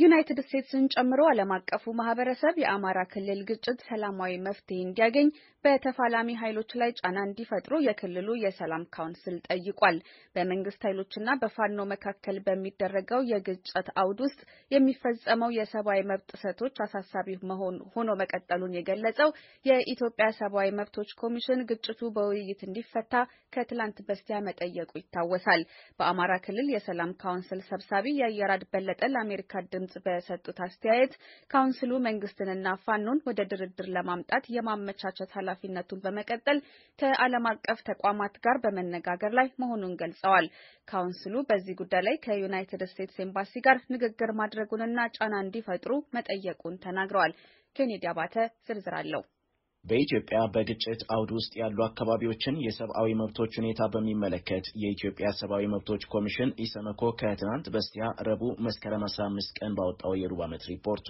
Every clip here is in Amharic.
ዩናይትድ ስቴትስን ጨምሮ ዓለም አቀፉ ማህበረሰብ የአማራ ክልል ግጭት ሰላማዊ መፍትሄ እንዲያገኝ በተፋላሚ ኃይሎች ላይ ጫና እንዲፈጥሩ የክልሉ የሰላም ካውንስል ጠይቋል። በመንግስት ኃይሎችና በፋኖ መካከል በሚደረገው የግጭት አውድ ውስጥ የሚፈጸመው የሰብአዊ መብት ጥሰቶች አሳሳቢ ሆኖ መቀጠሉን የገለጸው የኢትዮጵያ ሰብአዊ መብቶች ኮሚሽን ግጭቱ በውይይት እንዲፈታ ከትላንት በስቲያ መጠየቁ ይታወሳል። በአማራ ክልል የሰላም ካውንስል ሰብሳቢ የአየራድ በለጠ ለአሜሪካ ድምጽ በሰጡት አስተያየት ካውንስሉ መንግስትንና ፋኖን ወደ ድርድር ለማምጣት የማመቻቸት ኃላፊነቱን በመቀጠል ከዓለም አቀፍ ተቋማት ጋር በመነጋገር ላይ መሆኑን ገልጸዋል። ካውንስሉ በዚህ ጉዳይ ላይ ከዩናይትድ ስቴትስ ኤምባሲ ጋር ንግግር ማድረጉንና ጫና እንዲፈጥሩ መጠየቁን ተናግረዋል። ኬኔዲ አባተ ዝርዝር አለው። በኢትዮጵያ በግጭት አውድ ውስጥ ያሉ አካባቢዎችን የሰብአዊ መብቶች ሁኔታ በሚመለከት የኢትዮጵያ ሰብአዊ መብቶች ኮሚሽን ኢሰመኮ ከትናንት በስቲያ ረቡዕ መስከረም 15 ቀን ባወጣው የሩብ ዓመት ሪፖርቱ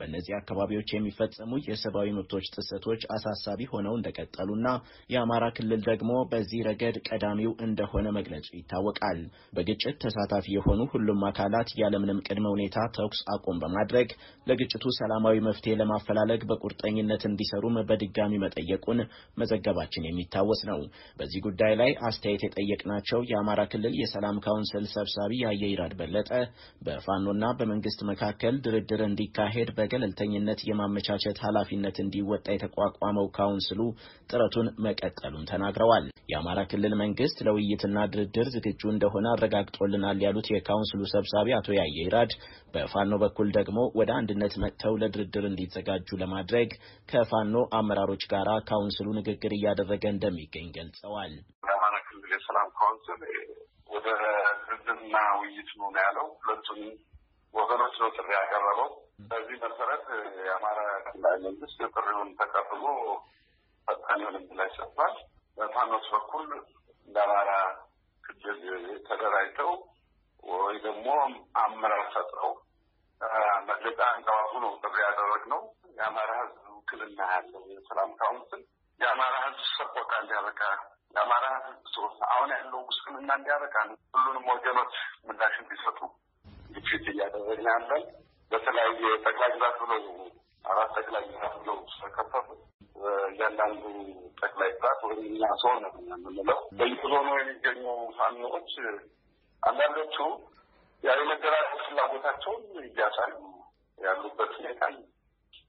በእነዚህ አካባቢዎች የሚፈጸሙ የሰብአዊ መብቶች ጥሰቶች አሳሳቢ ሆነው እንደቀጠሉና የአማራ ክልል ደግሞ በዚህ ረገድ ቀዳሚው እንደሆነ መግለጹ ይታወቃል። በግጭት ተሳታፊ የሆኑ ሁሉም አካላት ያለምንም ቅድመ ሁኔታ ተኩስ አቁም በማድረግ ለግጭቱ ሰላማዊ መፍትሄ ለማፈላለግ በቁርጠኝነት እንዲሰሩ መበድ በድጋሚ መጠየቁን መዘገባችን የሚታወስ ነው። በዚህ ጉዳይ ላይ አስተያየት የጠየቅናቸው የአማራ ክልል የሰላም ካውንስል ሰብሳቢ የአየይራድ በለጠ በፋኖና በመንግስት መካከል ድርድር እንዲካሄድ በገለልተኝነት የማመቻቸት ኃላፊነት እንዲወጣ የተቋቋመው ካውንስሉ ጥረቱን መቀጠሉን ተናግረዋል። የአማራ ክልል መንግስት ለውይይትና ድርድር ዝግጁ እንደሆነ አረጋግጦልናል ያሉት የካውንስሉ ሰብሳቢ አቶ ያየይራድ በፋኖ በኩል ደግሞ ወደ አንድነት መጥተው ለድርድር እንዲዘጋጁ ለማድረግ ከፋኖ አመራ አመራሮች ጋር ካውንስሉ ንግግር እያደረገ እንደሚገኝ ገልጸዋል። የአማራ ክልል የሰላም ካውንስል ወደ ህዝብና ውይይት ነው ያለው። ሁለቱም ወገኖች ነው ጥሪ ያቀረበው። በዚህ መሰረት የአማራ ክልላዊ መንግስት የጥሪውን ተቀብሎ ፈጣን የሆነ ምላሽ ሰጥቷል። በፋኖስ በኩል እንደ አማራ ክልል ተደራጅተው ወይ ደግሞ አመራር ፈጥረው መግለጫ እንቀባቡ ነው ጥሪ ያደረግነው። ውክልና ያለው የሰላም ካውንስል የአማራ ህዝብ ሰቆቃ እንዲያበቃ የአማራ ህዝብ አሁን ያለው ጉስቅልና እንዲያበቃ ነው። ሁሉንም ወገኖች ምላሽ እንዲሰጡ ግፊት እያደረግን ያለን በተለያየ ጠቅላይ ግዛት ብሎ አራት ጠቅላይ ግዛት ብሎ ስለከፈቱ እያንዳንዱ ጠቅላይ ግዛት ወይም እኛ ሰው ነው የምንለው በየዞኑ የሚገኙ ፋኖዎች አንዳንዶቹ የመደራጀት ፍላጎታቸውን እያሳዩ ያሉበት ሁኔታ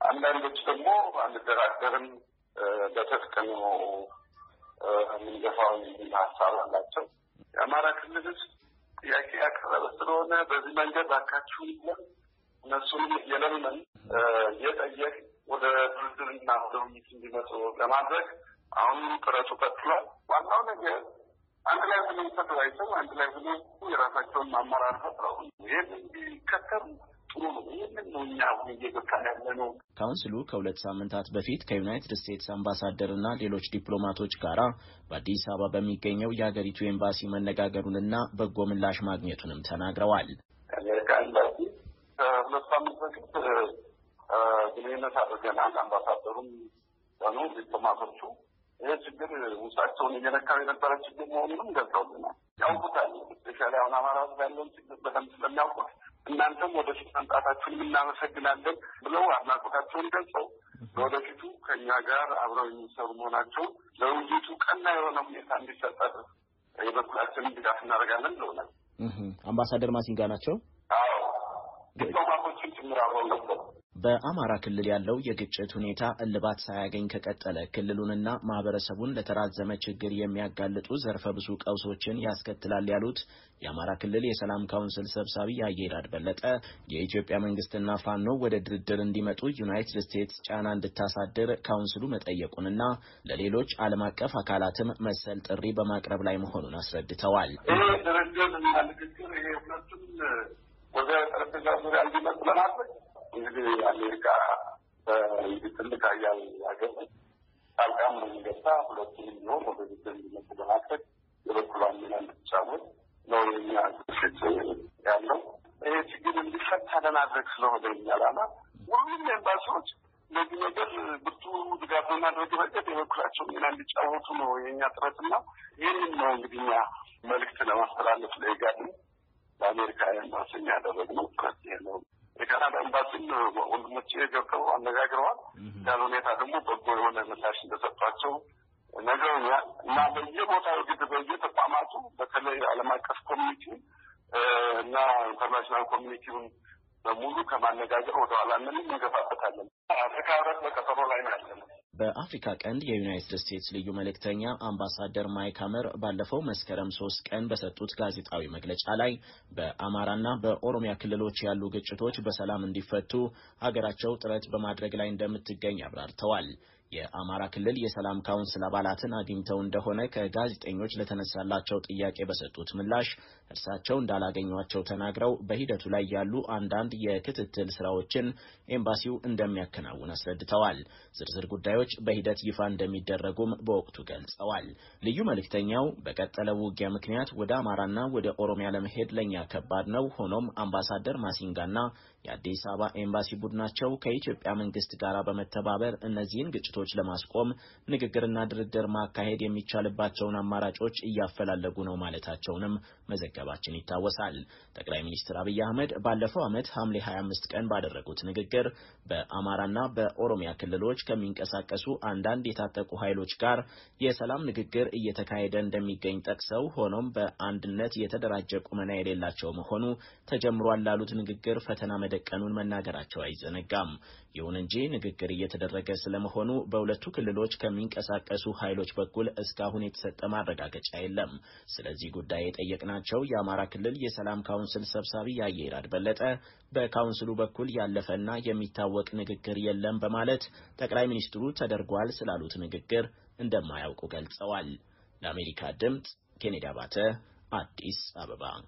አንዳንዶች ደግሞ አንደራደርም በትጥቅ ነው የምንገፋው የሚል ሀሳብ አላቸው። የአማራ ክልል ህዝብ ጥያቄ ያቀረበ ስለሆነ በዚህ መንገድ ባካችሁ ይለን እነሱንም እየለመን እየጠየቅ ወደ ድርድርና ወደ ውይይት እንዲመጡ ለማድረግ አሁንም ጥረቱ ቀጥሏል። ዋናው ነገር አንድ ላይ ብሎ ተደራጅተው አንድ ላይ ብሎ የራሳቸውን አመራር ፈጥረው ይህን እንዲከተሉ ጥሩ ነው። ይህንን ነው እኛ አሁን እየገፋን ያለ ነው። ካውንስሉ ከሁለት ሳምንታት በፊት ከዩናይትድ ስቴትስ አምባሳደር አምባሳደርና ሌሎች ዲፕሎማቶች ጋር በአዲስ አበባ በሚገኘው የሀገሪቱ ኤምባሲ መነጋገሩንና በጎ ምላሽ ማግኘቱንም ተናግረዋል። ከአሜሪካ ኤምባሲ ሁለት ሳምንት በፊት ግንኙነት አድርገናል። አምባሳደሩም ሆኑ ዲፕሎማቶቹ ይህ ችግር ውሳቸውን እየነካው የነበረ ችግር መሆኑንም ገልጸውልናል። ያውቁታል። ስፔሻሊ አሁን አማራ ያለውን ችግር በደንብ ስለሚያውቁት እናንተም ወደፊት መምጣታችሁን እናመሰግናለን ብለው አድናቆታቸውን ገልጸው ለወደፊቱ ከእኛ ጋር አብረው የሚሰሩ መሆናቸው ለውይይቱ ቀና የሆነ ሁኔታ እንዲፈጠር የበኩላችንን ድጋፍ እናደርጋለን ብለውናል። አምባሳደር ማሲንጋ ናቸው። ዲፕሎማቶችን ጭምር አብረው ነበሩ። በአማራ ክልል ያለው የግጭት ሁኔታ እልባት ሳያገኝ ከቀጠለ ክልሉንና ማህበረሰቡን ለተራዘመ ችግር የሚያጋልጡ ዘርፈ ብዙ ቀውሶችን ያስከትላል ያሉት የአማራ ክልል የሰላም ካውንስል ሰብሳቢ አየዳድ በለጠ የኢትዮጵያ መንግስትና ፋኖ ወደ ድርድር እንዲመጡ ዩናይትድ ስቴትስ ጫና እንድታሳድር ካውንስሉ መጠየቁንና ለሌሎች ዓለም አቀፍ አካላትም መሰል ጥሪ በማቅረብ ላይ መሆኑን አስረድተዋል። ይህ ድርድር እና ንግግር ይሄ ሁለቱም ወደ ጠረጴዛ ዙሪያ እንዲመጡ ለማድረግ እንግዲህ አሜሪካ ትልቅ አያል ሀገር ጣልቃም ነው የሚገባ ሁለቱም ቢሆን ወደ ግድ እንዲመጡ በማድረግ የበኩሏን ሚና እንድትጫወት ነው የኛ ግፊት ያለው። ይህ ችግር እንዲፈታ ለማድረግ ስለሆነ የኛ ዓላማ ሁሉም ኤምባሲዎች ለዚህ ነገር ብርቱ ድጋፍ በማድረግ ረገድ የበኩላቸው ሚና እንዲጫወቱ ነው የእኛ ጥረትና ይህንን ነው እንግዲህ እኛ መልእክት ለማስተላለፍ ለኢጋድ ለአሜሪካ ኤምባሲ ያደረግነው ጥረት ነው። በደንባችን ወንድሞች ገብተው አነጋግረዋል። ያን ሁኔታ ደግሞ በጎ የሆነ ምላሽ እንደሰጧቸው ነግረውኛል እና በየቦታው ግድ በየተቋማቱ በተለይ ዓለም አቀፍ ኮሚኒቲ እና ኢንተርናሽናል ኮሚኒቲውን በሙሉ ከማነጋገር ወደኋላ ምንም እንገፋበታለን። አፍሪካ ህብረት በቀጠሮ ላይ ነው ያለነው። በአፍሪካ ቀንድ የዩናይትድ ስቴትስ ልዩ መልእክተኛ አምባሳደር ማይክ አመር ባለፈው መስከረም ሶስት ቀን በሰጡት ጋዜጣዊ መግለጫ ላይ በአማራና በኦሮሚያ ክልሎች ያሉ ግጭቶች በሰላም እንዲፈቱ ሀገራቸው ጥረት በማድረግ ላይ እንደምትገኝ አብራርተዋል። የአማራ ክልል የሰላም ካውንስል አባላትን አግኝተው እንደሆነ ከጋዜጠኞች ለተነሳላቸው ጥያቄ በሰጡት ምላሽ እርሳቸው እንዳላገኟቸው ተናግረው በሂደቱ ላይ ያሉ አንዳንድ የክትትል ስራዎችን ኤምባሲው እንደሚያከናውን አስረድተዋል። ዝርዝር ጉዳዮች በሂደት ይፋ እንደሚደረጉም በወቅቱ ገልጸዋል። ልዩ መልእክተኛው በቀጠለው ውጊያ ምክንያት ወደ አማራና ወደ ኦሮሚያ ለመሄድ ለእኛ ከባድ ነው። ሆኖም አምባሳደር ማሲንጋና የአዲስ አበባ ኤምባሲ ቡድናቸው ከኢትዮጵያ መንግስት ጋር በመተባበር እነዚህን ግጭቶች ግጭቶች ለማስቆም ንግግርና ድርድር ማካሄድ የሚቻልባቸውን አማራጮች እያፈላለጉ ነው ማለታቸውንም መዘገባችን ይታወሳል። ጠቅላይ ሚኒስትር አብይ አህመድ ባለፈው ዓመት ሐምሌ 25 ቀን ባደረጉት ንግግር በአማራና በኦሮሚያ ክልሎች ከሚንቀሳቀሱ አንዳንድ የታጠቁ ኃይሎች ጋር የሰላም ንግግር እየተካሄደ እንደሚገኝ ጠቅሰው ሆኖም በአንድነት የተደራጀ ቁመና የሌላቸው መሆኑ ተጀምሯል ላሉት ንግግር ፈተና መደቀኑን መናገራቸው አይዘነጋም። ይሁን እንጂ ንግግር እየተደረገ ስለመሆኑ በሁለቱ ክልሎች ከሚንቀሳቀሱ ኃይሎች በኩል እስካሁን የተሰጠ ማረጋገጫ የለም። ስለዚህ ጉዳይ የጠየቅናቸው የአማራ ክልል የሰላም ካውንስል ሰብሳቢ የአየር በለጠ በካውንስሉ በኩል ያለፈና የሚታወቅ ንግግር የለም በማለት ጠቅላይ ሚኒስትሩ ተደርጓል ስላሉት ንግግር እንደማያውቁ ገልጸዋል። ለአሜሪካ ድምፅ ኬኔዲ አባተ አዲስ አበባ